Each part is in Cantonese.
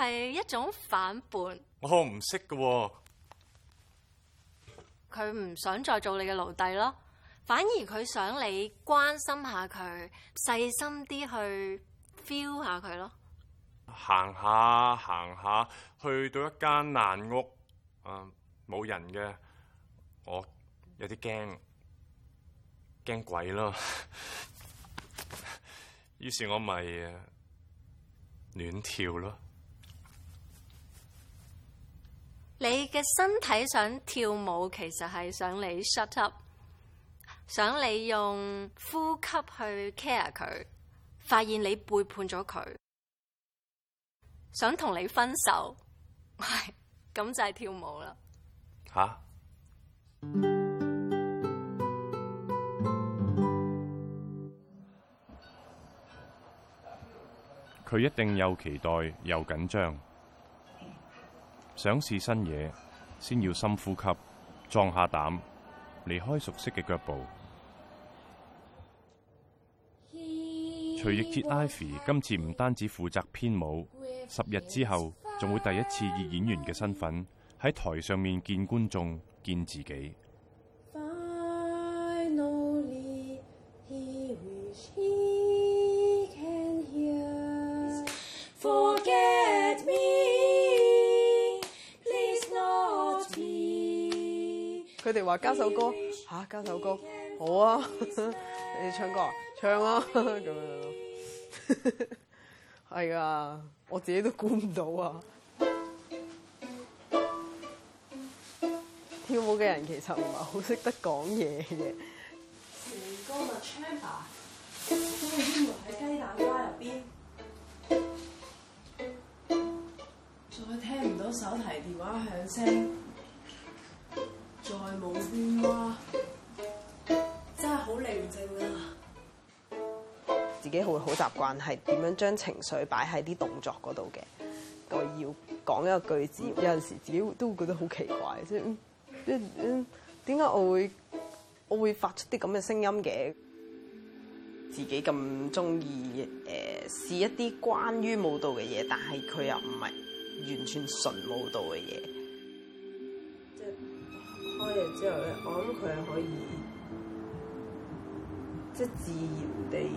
係一種反叛、哦，我唔識噶。佢唔想再做你嘅奴隸咯，反而佢想你關心下佢，細心啲去 feel 下佢咯。行下行下，去到一間爛屋，嗯、啊，冇人嘅，我有啲驚，驚鬼咯。於是我咪啊，亂跳咯。你嘅身體想跳舞，其實係想你 shut up，想你用呼吸去 care 佢，發現你背叛咗佢，想同你分手，咁就係跳舞啦。吓、啊？佢一定又期待又緊張。想試新嘢，先要深呼吸，壯下膽，離開熟悉嘅腳步。He、徐奕婕、Ivy 今次唔單止負責編舞，With、十日之後仲會第一次以演員嘅身份喺台上面見觀眾，見自己。佢哋話加首歌吓、啊，加首歌好啊！你哋唱歌啊，唱啊咁樣咯，係 啊，我自己都估唔到啊！跳舞嘅人其實唔係好識得講嘢嘅。歌個 chamber 都淹埋喺雞蛋花入邊，再聽唔到手提電話響聲。冇啊，真係好寧靜啊！自己會好習慣係點樣將情緒擺喺啲動作嗰度嘅。我要講一個句子，有陣時自己都會覺得好奇怪，即係點解我會我會發出啲咁嘅聲音嘅？自己咁中意誒，試一啲關於舞蹈嘅嘢，但係佢又唔係完全純舞蹈嘅嘢。開日之後咧，我諗佢係可以，即係自然地，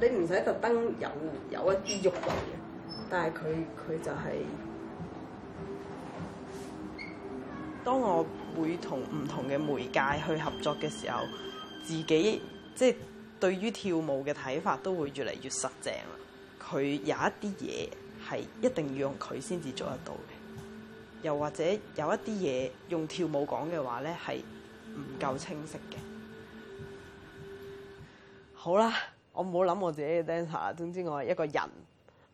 你唔使特登有有一啲慾望嘅，但係佢佢就係、是，當我會同唔同嘅媒介去合作嘅時候，自己即係對於跳舞嘅睇法都會越嚟越實正啦。佢有一啲嘢係一定要用佢先至做得到嘅。又或者有一啲嘢用跳舞講嘅話咧，係唔夠清晰嘅。好啦，我唔好諗我自己嘅 dancer，總之我係一個人。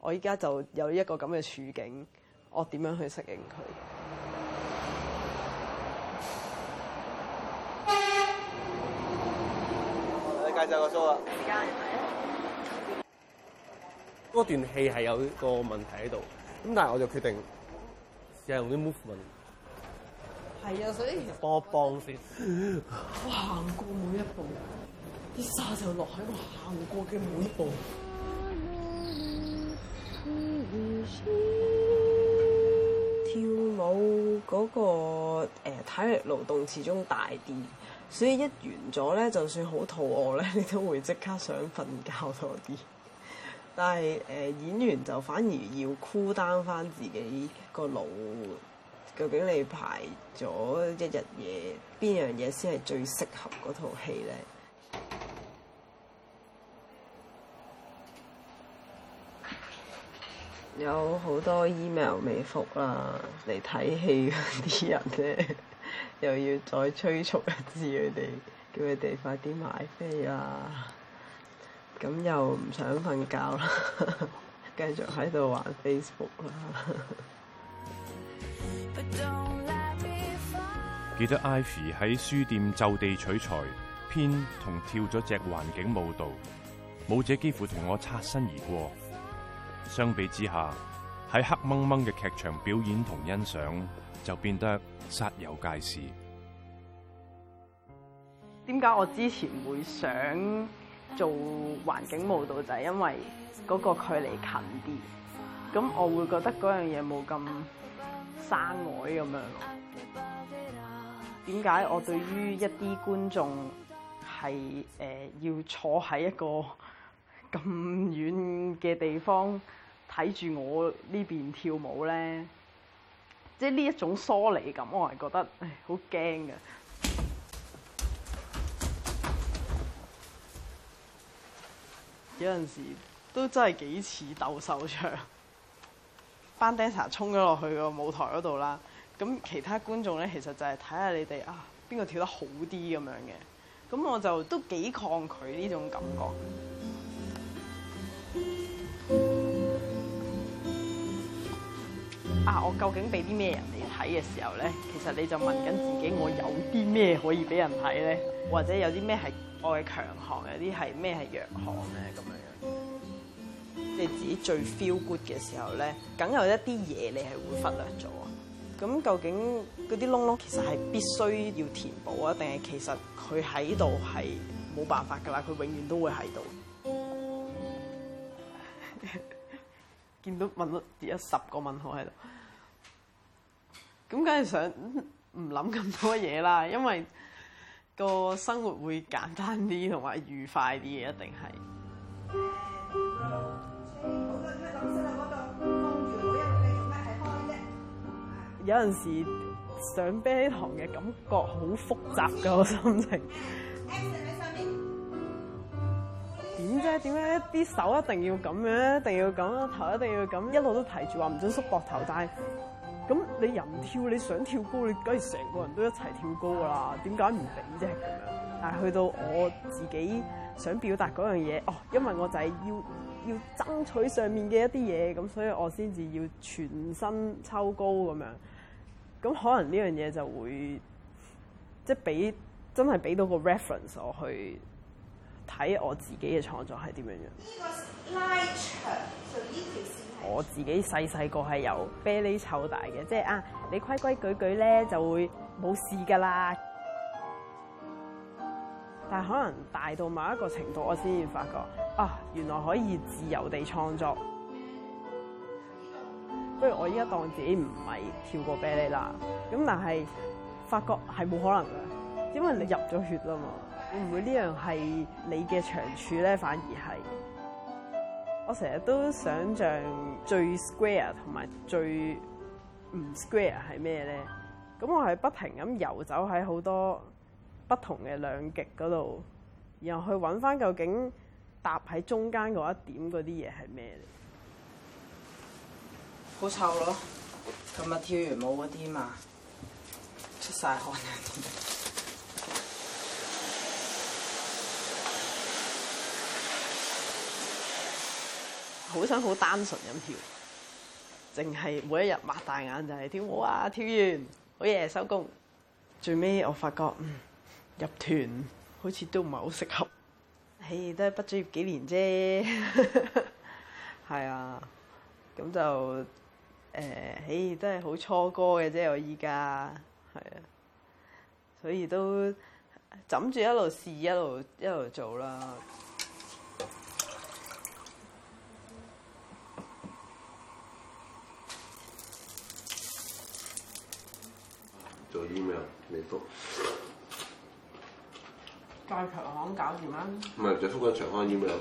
我依家就有一個咁嘅處境，我點樣去適應佢？你戒曬個須啦！嗰段戲係有一個問題喺度，咁但係我就決定。成日用啲 move 粉。係啊，所以其實幫我先。行過每一步，啲沙就落喺我行過嘅每一步。跳舞嗰、那個誒、呃、體力勞動始終大啲，所以一完咗咧，就算好肚餓咧，你都會即刻想瞓覺多啲。但係誒、呃、演員就反而要孤單翻自己個腦，究竟你排咗一日嘢，邊樣嘢先係最適合嗰套戲咧？ 有好多 email 未覆喇！嚟睇戲啲人咧， 又要再催促一次佢哋，叫佢哋快啲買飛啊！咁又唔想瞓覺啦， 繼續喺度玩 Facebook 啦。 記得 Ivy 喺書店就地取材，編同跳咗隻環境舞蹈，舞者幾乎同我擦身而過。相比之下，喺黑濛濛嘅劇場表演同欣賞就變得煞有介事。點解我之前會想？做環境舞蹈就係因為嗰個距離近啲，咁我會覺得嗰樣嘢冇咁生外咁樣。點解我對於一啲觀眾係誒、呃、要坐喺一個咁遠嘅地方睇住我呢邊跳舞咧？即係呢一種疏離感，我係覺得好驚㗎。有陣時都真係幾似鬥秀場， 班 dancer 衝咗落去個舞台嗰度啦。咁其他觀眾咧，其實就係睇下你哋啊，邊個跳得好啲咁樣嘅。咁我就都幾抗拒呢種感覺。 啊，我究竟俾啲咩人嚟睇嘅時候咧？其實你就問緊自己，我有啲咩可以俾人睇咧？或者有啲咩係？我嘅強項，有啲係咩係弱項咧？咁樣樣，即係自己最 feel good 嘅時候咧，梗有一啲嘢你係會忽略咗。咁究竟嗰啲窿窿其實係必須要填補啊，定係其實佢喺度係冇辦法㗎啦？佢永遠都會喺度。 見到問咗十個問號喺度，咁梗係想唔諗咁多嘢啦，因為。個生活會簡單啲同埋愉快啲嘅，一定係、嗯嗯嗯嗯。有陣時上啤糖嘅感覺好複雜嘅我心情。點、嗯、啫？點解啲手一定要咁樣？一定要咁，頭一定要咁，一路都提住話唔准縮膊頭帶。咁你人跳你想跳高，你梗係成個人都一齊跳高噶啦，點解唔俾啫咁樣，但係去到我自己想表達樣嘢，哦，因為我就係要要爭取上面嘅一啲嘢，咁所以我先至要全身抽高咁樣。咁可能呢樣嘢就會即係俾真係俾到個 reference 我去睇我自己嘅創作係點樣樣呢，這個拉係點樣嘅。我自己細細個係由啤梨湊大嘅，即係啊，你規規矩矩咧就會冇事噶啦。但係可能大到某一個程度，我先至發覺啊，原來可以自由地創作。不如我依家當自己唔係跳過啤梨啦。咁但係發覺係冇可能嘅，因為你入咗血啦嘛。會唔會呢樣係你嘅長處咧，反而係。我成日都想象最 square 同埋最唔 square 係咩咧？咁我係不停咁遊走喺好多不同嘅兩極嗰度，然後去揾返究竟搭喺中間嗰一點嗰啲嘢係咩？好臭咯！今日跳完舞嗰啲嘛，出晒汗啊！ 好想好單純咁跳，淨係每一日擘大眼就係跳舞，啊。跳完好嘢，收工。最尾我發覺、嗯、入團好似都唔係好適合。嘿，都係畢咗業幾年啫，係 啊。咁就誒、呃，嘿都係好初哥嘅啫。我依家係啊，所以都枕住一路試一路一路做啦。你復再長行搞掂啦？唔係，就福翻長康醫務啦。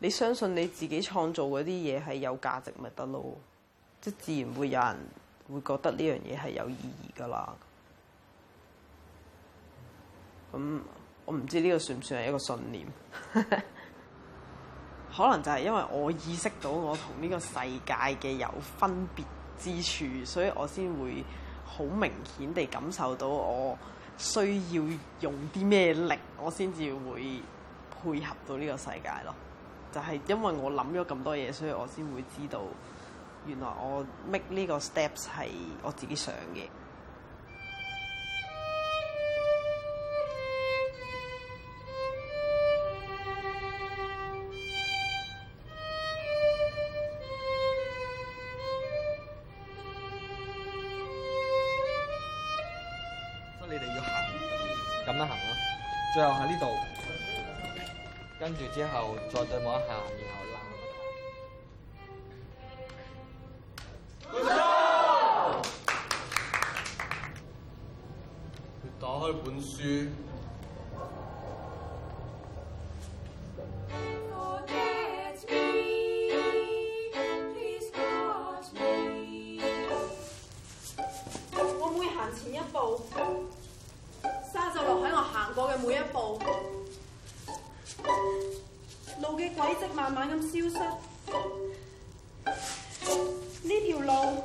你相信你自己創造嗰啲嘢係有價值咪得咯？即係自然會有人會覺得呢樣嘢係有意義噶啦。咁我唔知呢個算唔算係一個信念？可能就係因為我意識到我同呢個世界嘅有分別之處，所以我先會。好明顯地感受到我需要用啲咩力，我先至會配合到呢個世界咯。就係因為我諗咗咁多嘢，所以我先會知道原來我 make 呢個 steps 係我自己想嘅。得行咯，最後喺呢度，跟住之後再對望一下，然後啦，打開本書。路嘅軌跡慢慢咁消失，呢條路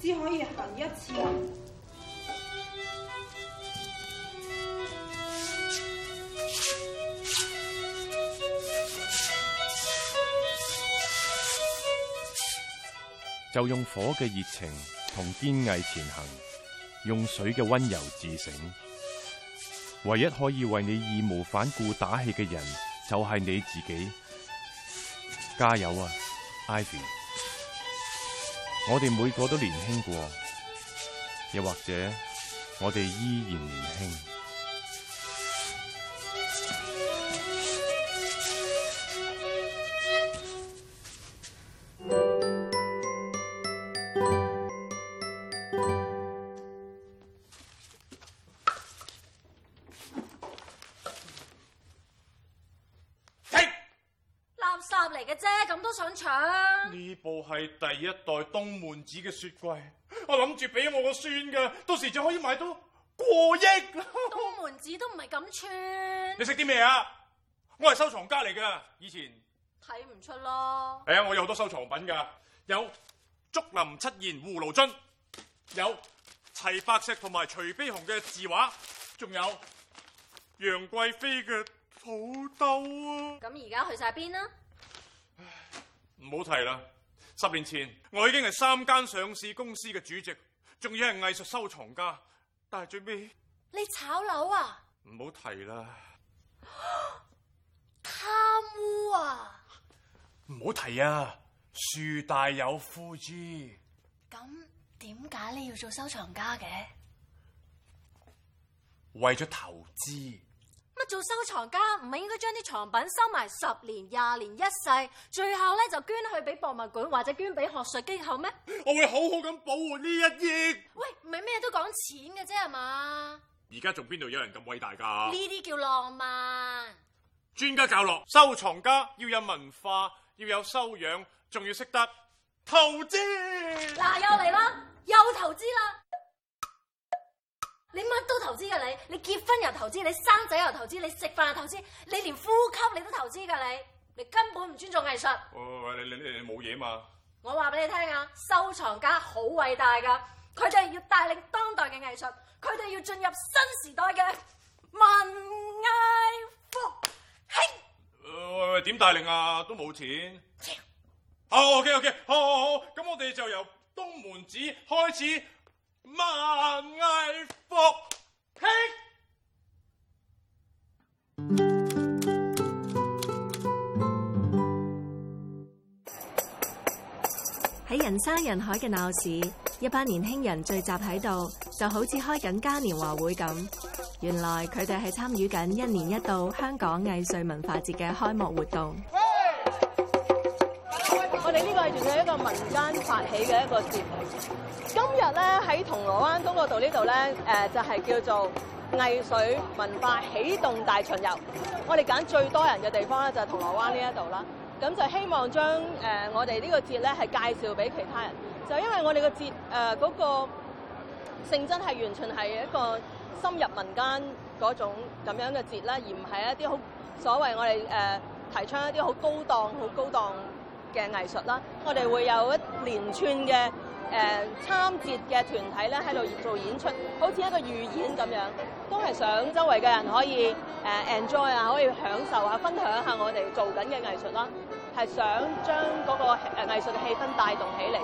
只可以行一次，就用火嘅熱情同堅毅前行，用水嘅溫柔自省。唯一可以為你義無反顧打氣嘅人，就係你自己。加油啊，Ivy！我哋每個都年輕過，又或者我哋依然年輕。部係第一代東門子嘅雪櫃，我諗住俾我個孫噶，到時就可以買到過億啦。東門子都唔係咁串，你食啲咩啊？我係收藏家嚟噶，以前睇唔出咯。係、哎、啊，我有好多收藏品噶，有竹林七賢葫蘆樽，有齊白石同埋徐悲鴻嘅字畫，仲有楊貴妃嘅土豆啊。咁而家去晒邊啦？唉，唔好提啦。十年前我已經係三間上市公司嘅主席，仲要係藝術收藏家，但係最尾你炒樓啊？唔好提啦！貪污啊？唔好提啊！樹大有枯枝。咁點解你要做收藏家嘅？為咗投資。乜做收藏家唔係應該將啲藏品收埋十年廿年一世，最後咧就捐去俾博物館或者捐俾學術機構咩？我會好好咁保護呢一億。喂，唔係咩都講錢嘅啫係嘛？而家仲邊度有人咁偉大噶？呢啲叫浪漫。專家教落收藏家要有文化，要有修養，仲要識得投資。嗱，又嚟啦，又投資啦。你乜都投資㗎你，你結婚又投資，你生仔又投資，你食飯又投資，你連呼吸你都投資㗎你，你根本唔尊重藝術。喂，喂你你你你冇嘢嘛？我話俾你聽啊，收藏家好偉大㗎，佢哋要帶領當代嘅藝術，佢哋要進入新時代嘅文藝復興，hey! 喂喂，點帶領啊？都冇錢。好，OK OK，好好好，咁我哋就由東門子開始。滿福喺人山人海嘅鬧市，一班年輕人聚集喺度，就好似開緊嘉年華會咁。原來佢哋係參與緊一年一度香港藝穗民化節嘅開幕活動。我哋呢個係仲有一個民間發起嘅一個節目。今日咧喺銅鑼灣東角道呢度咧，誒、呃、就係、是、叫做藝穗文化啟動大巡遊。我哋揀最多人嘅地方咧，就係、是、銅鑼灣呢一度啦。咁就希望將誒、呃、我哋呢個節咧，係介紹俾其他人。就因為我哋、呃那個節誒嗰個性質係完全係一個深入民間嗰種咁樣嘅節啦，而唔係一啲好所謂我哋誒、呃、提倡一啲好高檔、好高檔嘅藝術啦。我哋會有一連串嘅。誒參節嘅團體咧喺度做演出，好似一個預演咁樣，都係想周圍嘅人可以誒 enjoy 啊，可以享受啊，分享下我哋做緊嘅藝術啦，係想將嗰個誒藝術嘅氣氛帶動起嚟。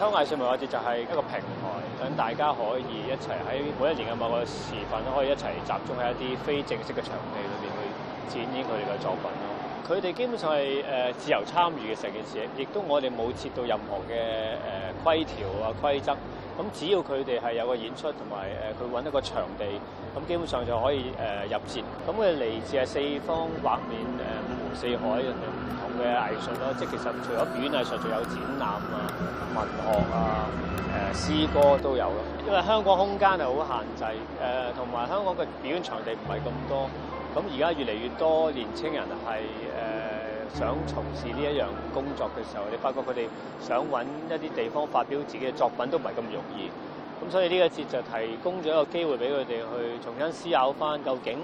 香港藝穗民化節就係一個平台，等大家可以一齊喺每一年嘅某個時份，可以一齊集中喺一啲非正式嘅場地裏面去展現佢哋嘅作品。佢哋基本上係誒自由參與嘅成件事，亦都我哋冇設到任何嘅誒規條啊規則。咁只要佢哋係有個演出同埋誒，佢搵一個場地，咁基本上就可以誒入節。咁佢哋嚟自係四方畫面誒，五湖四海嘅唔同嘅藝術咯。即係其實除咗表演藝術，仲有展覽啊、文學啊、誒詩歌都有咯。因為香港空間係好限制，誒同埋香港嘅表演場地唔係咁多。咁而家越嚟越多年青人係誒想從事呢一樣工作嘅時候，你發覺佢哋想揾一啲地方發表自己嘅作品都唔係咁容易。咁所以呢個節就提供咗一個機會俾佢哋去重新思考翻究竟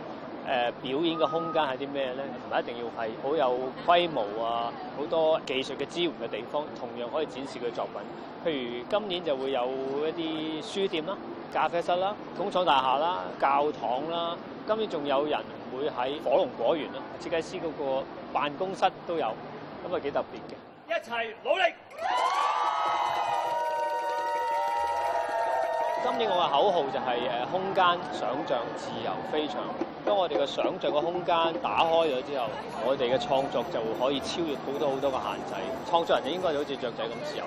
誒表演嘅空間係啲咩咧？同埋一定要係好有規模啊、好多技術嘅支援嘅地方，同樣可以展示佢作品。譬如今年就會有一啲書店啦、咖啡室啦、工廠大廈啦、教堂啦。今年仲有人。會喺火龍果園咯，設計師嗰個辦公室都有，咁啊幾特別嘅。一齊努力！今年我嘅口號就係誒，空間想像自由飛翔，當我哋嘅想像嘅空間打開咗之後，我哋嘅創作就可以超越好多好多嘅限制。創作人應該就好似雀仔咁自由。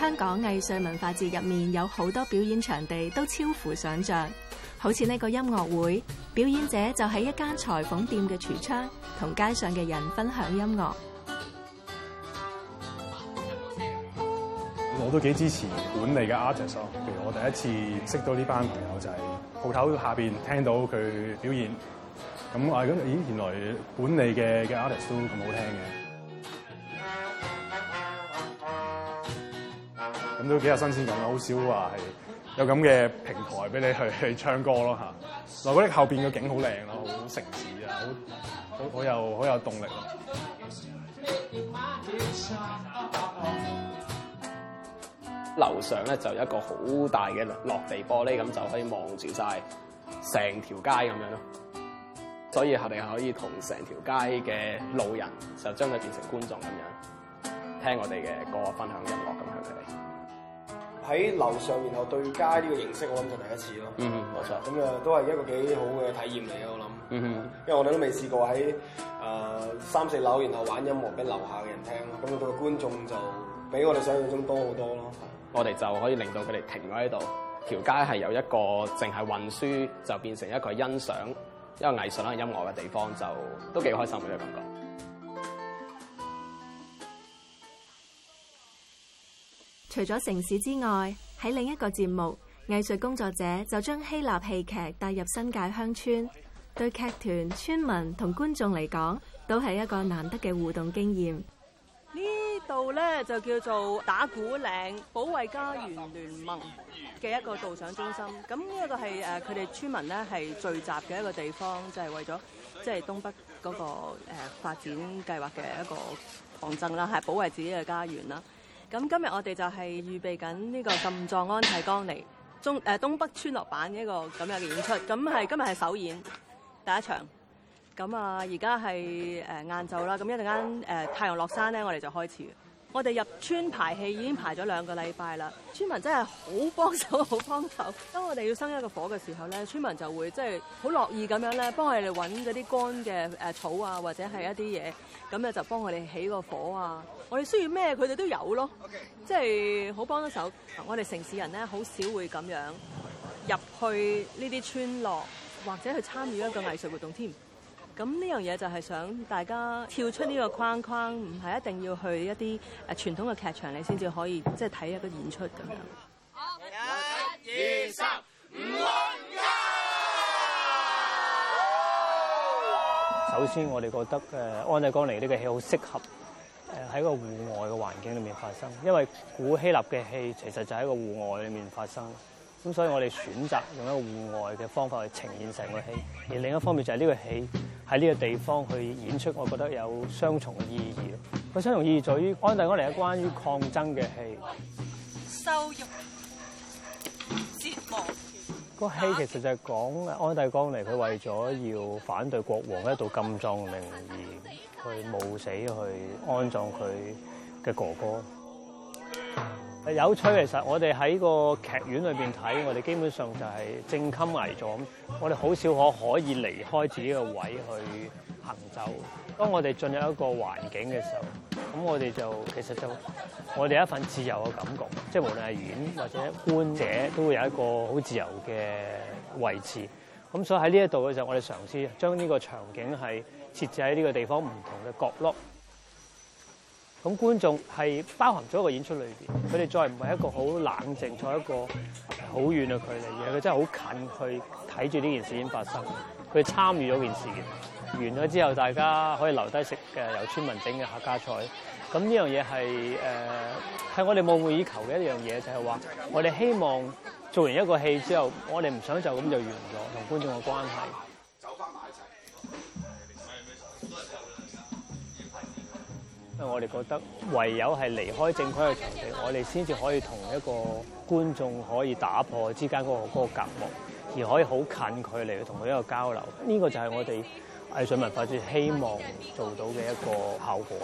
香港藝穗民化節入面有好多表演場地都超乎想像。好似呢個音樂會，表演者就喺一間裁縫店嘅櫥窗，同街上嘅人分享音樂。我都幾支持本地嘅 artist 咯，譬如我第一次識到呢班朋友仔就係鋪頭下邊聽到佢表演，咁啊咁，咦，原來本地嘅嘅 artist 都咁好聽嘅。咁都幾有新鮮感啦！好少話係有咁嘅平台俾你去去唱歌咯嚇。嗱，果啲後邊個景好靚咯，好城市啊，好好有，好有動力。樓上咧就有一個好大嘅落地玻璃，咁就可以望住晒成條街咁樣咯。所以我哋可以同成條街嘅路人就將佢變成觀眾咁樣，聽我哋嘅歌，分享音樂咁樣。喺樓上，然後對街呢個形式，我諗就第一次咯。嗯，冇錯。咁啊，都係一個幾好嘅體驗嚟嘅，我諗。嗯哼。因為我哋都未試過喺誒三四樓，然後玩音樂俾樓下嘅人聽咯。咁個觀眾就比我哋想象中多好多咯。我哋就可以令到佢哋停咗喺度。條街係有一個淨係運輸，就變成一個欣賞一個藝術啦、一個音樂嘅地方，就都幾開心嘅感覺。除咗城市之外，喺另一個節目，藝術工作者就將希臘戲劇，劇帶入新界鄉村，對劇團、村民同觀眾嚟講，都係一個難得嘅互動經驗。這裏呢度咧就叫做打鼓嶺保衛家園聯盟嘅一個導賞中心。咁呢一個係誒，佢、啊、哋村民咧係聚集嘅一個地方，就係、是、為咗即係東北、嗰個誒、呃、發展計劃嘅一個抗爭啦，係保衛自己嘅家園啦。咁今日我哋就係預備緊呢、這個《禁葬安提戈尼》中誒、呃、東北村落版一個咁樣嘅演出，咁係今日係首演第一場。咁啊，而家係誒晏晝啦，咁、呃、一陣間、呃、太陽落山咧，我哋就開始。我哋入村排戲已經排咗兩個禮拜啦，村民真係好幫手，好幫手。當我哋要生一個火嘅時候咧，村民就會即係好樂意咁樣咧，幫我哋揾嗰啲乾嘅草啊，或者係一啲嘢，咁咧就幫我哋起個火啊。我哋需要咩佢哋都有咯，即係好幫得手。我哋城市人咧好少會咁樣入去呢啲村落，或者去參與一個藝術活動添。咁呢樣嘢就係想大家跳出呢個框框，唔係一定要去一啲傳統嘅劇場，你先至可以即係睇一個演出咁樣。好，一、二、三，吳安嘉。首先，我哋覺得《安提戈尼》呢個戲好適合喺個戶外嘅環境裏面發生，因為古希臘嘅戲其實就喺個戶外裏面發生。咁所以，我哋選擇用一個戶外嘅方法去呈現成個戲，而另一方面就係呢個戲喺呢個地方去演出，我覺得有雙重意義咯。佢雙重意義在於安大光尼係關於抗爭嘅戲。受辱。折磨。個戲其實就係講安大光尼，佢為咗要反對國王一道禁葬令，去冒死去安葬佢嘅哥哥。有趣其實，我哋喺個劇院裏面睇，我哋基本上就係正襟危坐咁。我哋好少可可以離開自己嘅位去行走。當我哋進入一個環境嘅時候，咁我哋就其實就我哋有一份自由嘅感覺，即係無論係演或者觀者都會有一個好自由嘅位置。咁所以喺呢一度嘅時候，我哋嘗試將呢個場景係設置喺呢個地方唔同嘅角落。咁觀眾係包含咗一個演出裏面，佢哋再唔係一個好冷靜，在一個好遠嘅距離嘅。佢真係好近去睇住呢件事已經發生，佢參與咗件事嘅。完咗之後，大家可以留低食嘅，由村民整嘅客家菜。咁呢樣嘢係係我哋夢寐以求嘅一樣嘢，就係話我哋希望做完一個戲之後，我哋唔想就咁就完咗，同觀眾嘅關係。我哋覺得唯有係離開正規嘅場地，我哋先至可以同一個觀眾可以打破之間嗰個嗰個隔膜，而可以好近距離去同佢一個交流。呢個就係我哋藝術文化最希望做到嘅一個效果。